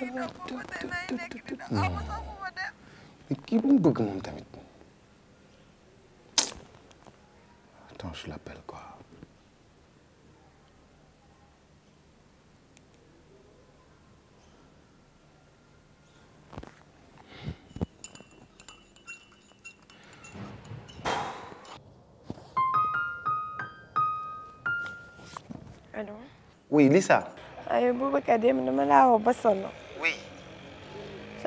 nit Qui bu mu mon tamit attends je l'appelle quoi Allô. oui Lisa. ay ah, Boubacar mais dama laa woo ba sonn.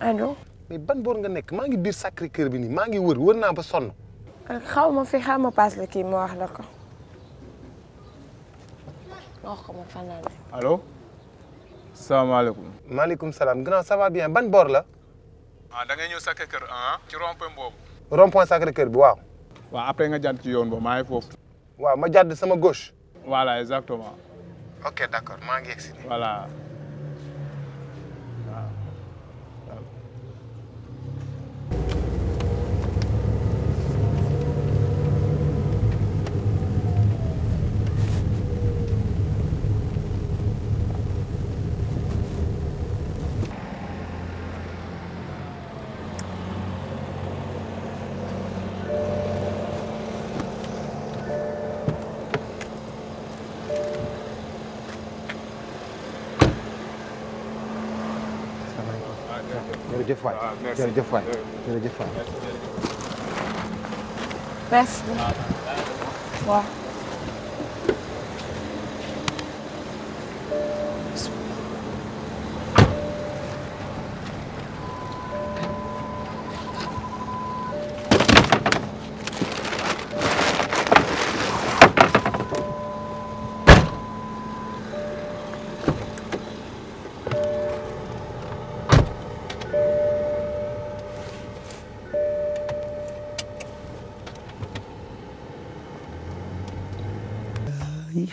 allo. Ah, mais ban boor nga nekk maa ngi biir Sacré Cœur bi ni maa ngi wër wër naa ba sonn. Ah, xaw ma fi xaw ma paas la kii ma wax la ko. Malikum wax ko ma fanaan. allo. salaamaaleykum. maaleykum salaam grand ça va bien ban bor. la. ah da ngay ñëw Sacré Cœur ah. ci rond point boobu. rond point Sacré Cœur bi waaw. waaw après nga jàdd ci yoon boobu maa ngi foofu. waaw ma sama gauche. voilà exactement. ok d'accord maa ngi yegsi. voilà. jërëjëf waay jërëjëf waay jërëjëf waay merci waaw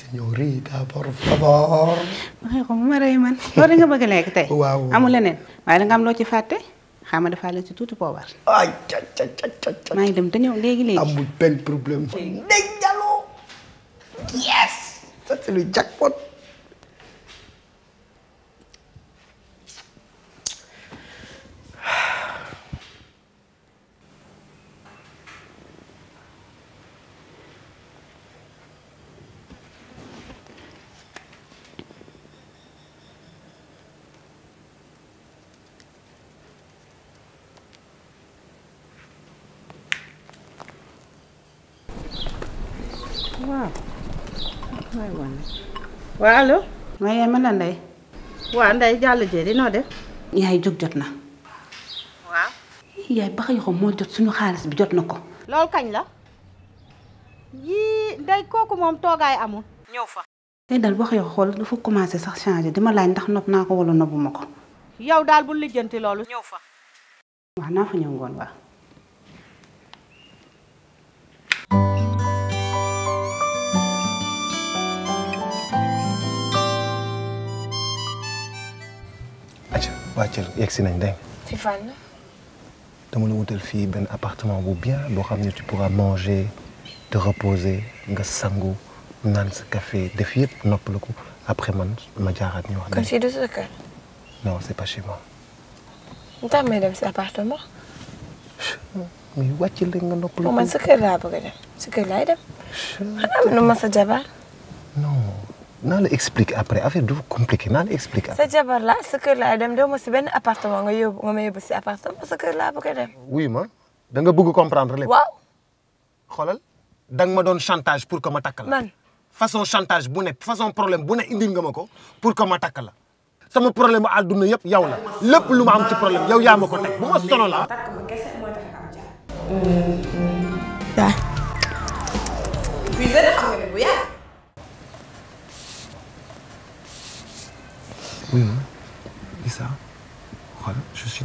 señorita por favor. waxee ko bu ma rey man loolu nga bëgg a lekk tey. waaw amul leneen waaye da nga am loo ci fàtte xam nga dafa la ci tuuti poobar. ay ca ca ca ca. maa dem te ñëw léegi léegi. amul benn problème. dégg nga yes. ça c'est le jackpot. waaw waaye wane waaw allo maa yaay mën na ndey waaw ndey jàll jee dinoo def yaay jóg jot na waa yaay baxa yoxo moo jot suñu xaalis bi jot na ko loolu kañ la yii ndey kooku moom toogaay amul ñëw fa tey daal baxa yoxo xool dafa commencé sax changé dima laaj ndax nopp naa ko wala noppu ma ko yow daal bu lijjanti loolu ñëw fa waaw naa fa ñëw ngoon waaw wàccal yegsi nañ dégg fi fan appartement bu bien boo xam tu pourras manger te reposer nga sangu naan café def yëpp noppalu après man ma jaaraat ni wax. kon fii du sa non c'est pas chez moi. lu tax may cet appartement. mais wàcc la nga noppalu ko. man sa kër laa bëgg a dem sa kër laay dem. xanaa ma sa non naa la explique après affaire du compliqué naa la explique. sa jabar la ce que la dem doo ma si ben appartement nga yob nga ma yóbbu ci appartement parce que là bu a dem. oui ma da nga bëgg comprendre lépp. waaw. xolal da nga ma don chantage pour que ma tak la. man façon chantage bu ne façon problème bu ne indi nga mako pour que ma tak la. sama problème àdduna yëpp yaw la lepp lu ma am ci problème yow yaa ma ko teg bu ma am la.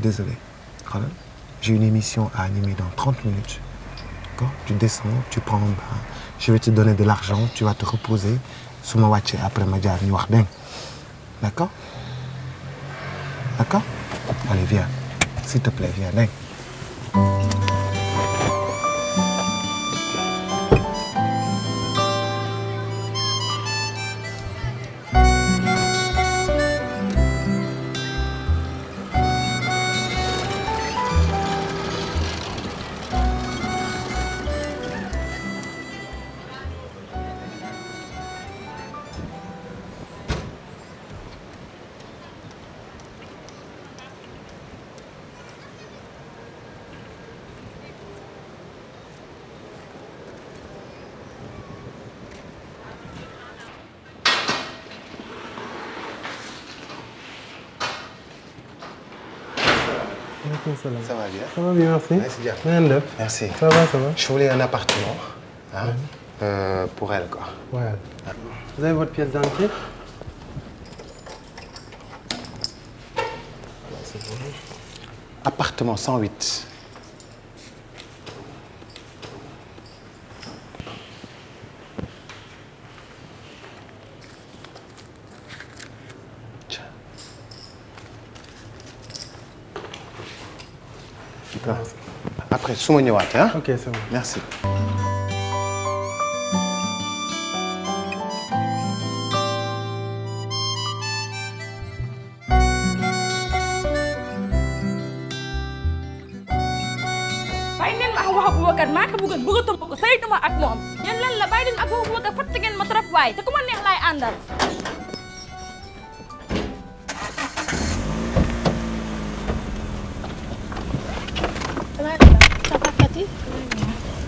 désolé. J'ai une émission à animer dans 30 minutes. Tu descends, tu prends un bain. Je vais te donner de l'argent, tu vas te reposer. Sous ma watch après ma diar D'accord D'accord Allez, viens. S'il te plaît, viens. Ça va bien Ça va bien, merci. Merci. merci. Ça va, ça va. Je voulais un appartement hein, euh, pour elle. Quoi. Ouais. Ah. Vous avez votre pièce d'entrée Appartement 108. su ma ñëwaat ah. ok c'est bon merci. Kan bukan, bukan, bukan bëggoon bëggatuma ko saytuma ak moom yéen lan la bàyyi leen Aboubacar fatt ngeen ma trop waaye te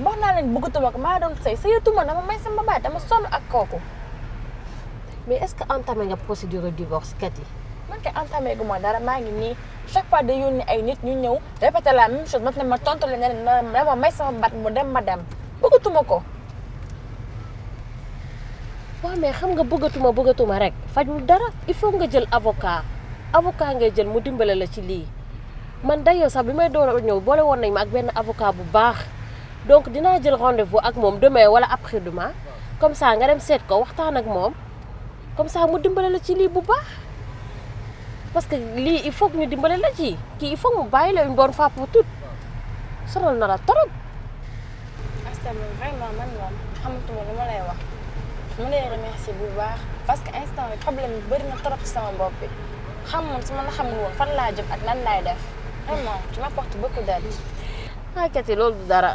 wax naa leen bëggatuma ko maa doon sëy sëyatuma dama may sama baay dama ak kooku. mais est-ce que entamé nga procédure de divorce kat yi. man kay entamé gu ma dara maa ngi nii chaque fois day yónni ay nit ñu ñëw répété la même chose maintenant ma tontu la ne dama may sama baat mu dem ma dem bëggatuma ko. waaw mais xam nga bëggatuma bëggatuma rek fajul dara il faut nga jël avocat avocat ngay jël mu dimbale la ci lii man d'ailleurs sax bi may door ñëw boole woon nañ ma ak benn avocat bu baax. donc dinaa jël rendez-vous ak moom demain wala après demain comme saa nga dem seet ko waxtaan ak moom comme ça mu dimbale la ci lii bu baax parce que lii il faut que ñu dimbale la ci kii il faut mu bàyyi la une bonne fois pour toutes sonal na la torop. Astan vraiment man moom xamatuma lu ma lay wax mu lay remercier bu baax parce que instant bi problème bi na trop ci sama bopp bi xam man su ma la xamul woon fan laa jëm ak nan laay def vraiment tu m'apportes beaucoup d'aide. ah Kati loolu dara.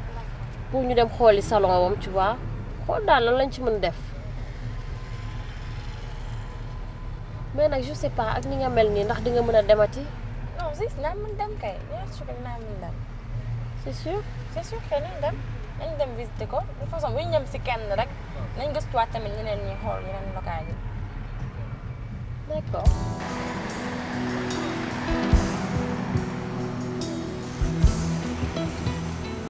pour ñu dem xooli salon wam tu vois xool daal lan lañ ci mën def mais nag je sais ak ñi nga mel nii ndax di nga mën a demati. non si naa mën dem kay bien sûr naa mën dem. c'est sûr. c'est sûr que nañ dem nañ dem visiter ko de façon bu ñu dem si kenn rek nañ gëstuwaat tamit ñeneen ñi xool yeneen local yi. ko